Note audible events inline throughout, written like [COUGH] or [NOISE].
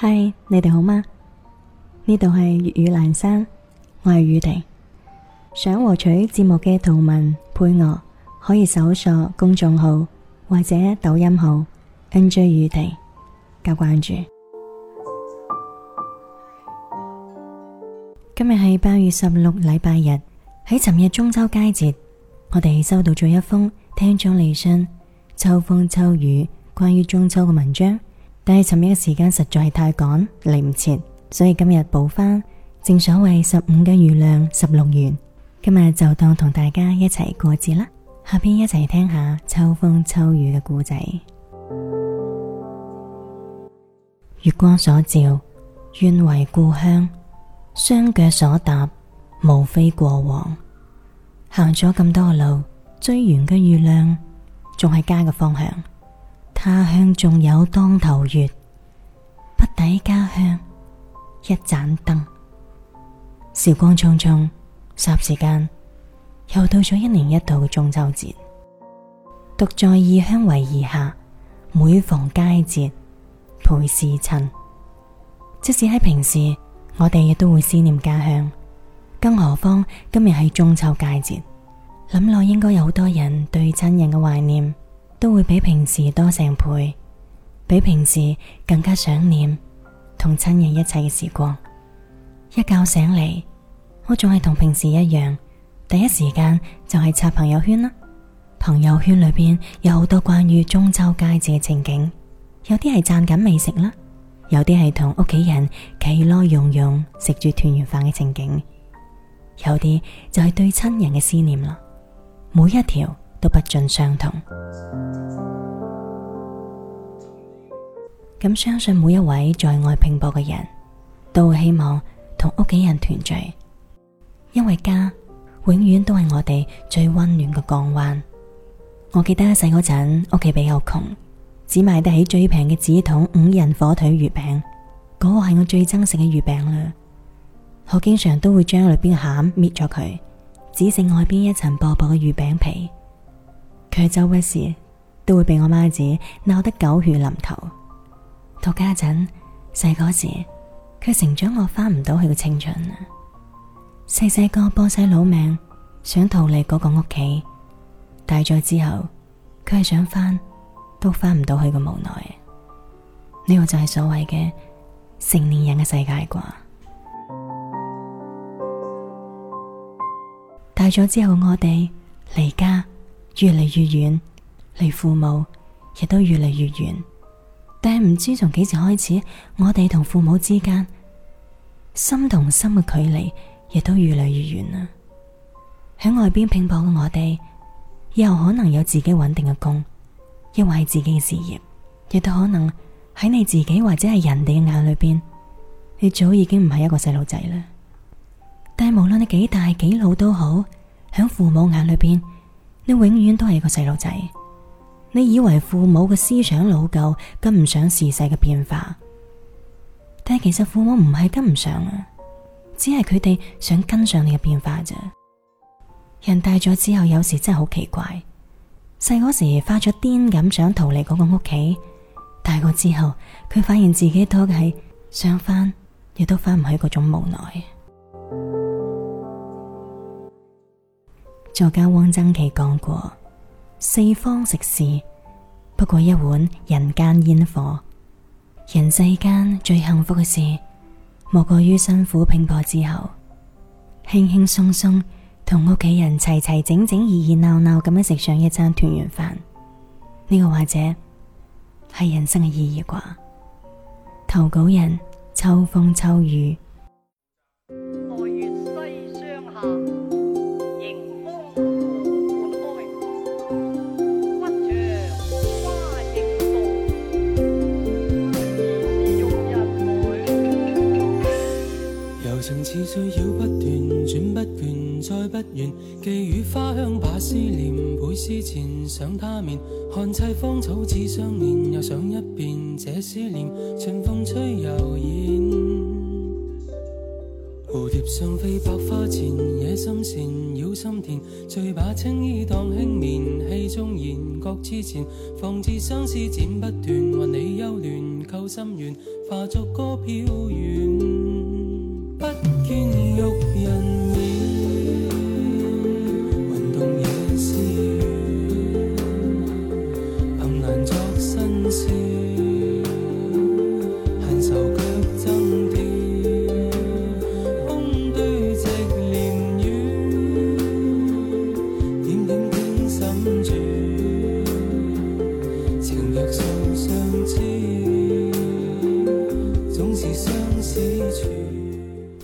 嗨，Hi, 你哋好嗎？呢度係粵語闌珊，我係宇婷。想獲取節目嘅圖文配樂，可以搜索公眾號或者抖音號 NJ 宇婷加關注。今日係八月十六禮拜日，喺尋日中秋佳節，我哋收到咗一封聽眾嚟信，《秋風秋雨》關於中秋嘅文章。但係尋日嘅時間實在係太趕，嚟唔切，所以今日補翻。正所謂十五嘅月亮十六圓，今日就當同大家一齊過節啦。下邊一齊聽下秋風秋雨嘅故仔。月光所照，願為故鄉；雙腳所踏，無非過往。行咗咁多路，最圓嘅月亮，仲係家嘅方向。他鄉仲有當頭月，不抵家鄉一盞燈。時光匆匆，霎時間又到咗一年一度嘅中秋節。獨在異鄉為異客，每逢佳節倍思親。即使喺平時，我哋亦都會思念家鄉，更何況今日係中秋佳節，諗落應該有好多人對親人嘅懷念，都會比平時多成倍，比平時更加想念同親人一齊嘅時光。一覺醒嚟，我仲係同平時一樣，第一時間就係刷朋友圈啦。朋友圈裏邊有好多關於中秋佳節嘅情景，有啲係讚緊美食啦，有啲係同屋企人其樂融融食住團圓飯嘅情景，有啲就係對親人嘅思念啦。每一條都不盡相同。咁相信每一位在外拼搏嘅人都會希望同屋企人團聚，因為家永遠都係我哋最溫暖嘅港灣。我記得細嗰陣屋企比較窮，只買得起最平嘅紙筒五仁火腿月餅，嗰、那個係我最憎食嘅月餅啦。我經常都會將裏邊嘅餡搣咗佢，只剩外邊一層薄薄嘅月餅皮。佢周不時都會被我媽子鬧得狗血淋頭，到家陣細嗰時，佢成長我翻唔到佢嘅青春。細細個搏晒老命想逃離嗰個屋企，大咗之後佢係想翻都翻唔到佢嘅無奈。呢個就係所謂嘅成年人嘅世界啩。大咗之後我哋離家。越嚟越遠，離父母亦都越嚟越遠，但係唔知從幾時開始，我哋同父母之間心同心嘅距離亦都越嚟越遠啦。喺外邊拼搏嘅我哋，以後可能有自己穩定嘅工，亦或係自己嘅事業，亦都可能喺你自己或者係人哋嘅眼裏邊，你早已經唔係一個細路仔啦。但係無論你幾大幾老都好，響父母眼裏邊。你永遠都係一個細路仔，你以為父母嘅思想老舊，跟唔上時勢嘅變化，但係其實父母唔係跟唔上啊，只係佢哋想跟上你嘅變化啫。人大咗之、之後，有時真係好奇怪，細嗰時發咗癲咁想逃離嗰個屋企，大個之後佢發現自己多嘅係想翻，亦都翻唔去嗰種無奈。作家汪曾祺講過：四方食事，不過一碗人間煙火。人世間最幸福嘅事，莫過於辛苦拼搏之後，輕輕鬆鬆同屋企人齊齊整整、熱熱鬧鬧咁樣食上一餐團圓飯。呢個或者係人生嘅意義啩。投稿人：秋風秋雨。情似絮繞不斷轉不倦再不圓，寄語花香把思念，倍思前想他面，看砌芳草似相念，又想一遍這思念，春風吹又遠。蝴蝶雙飛百花前，野心纏繞心田，醉把青衣蕩輕眠，戲中言，覺痴纏。放置相思剪不斷，雲裏幽戀扣心弦，化作歌飄遠。不見。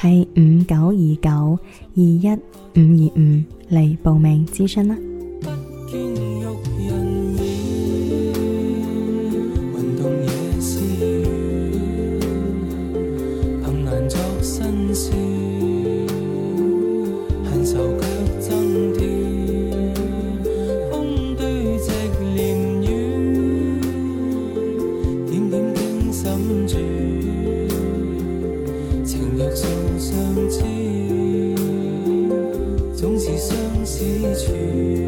係五九二九二一五二五嚟報名諮詢啦。總是相思處。 [NOISE]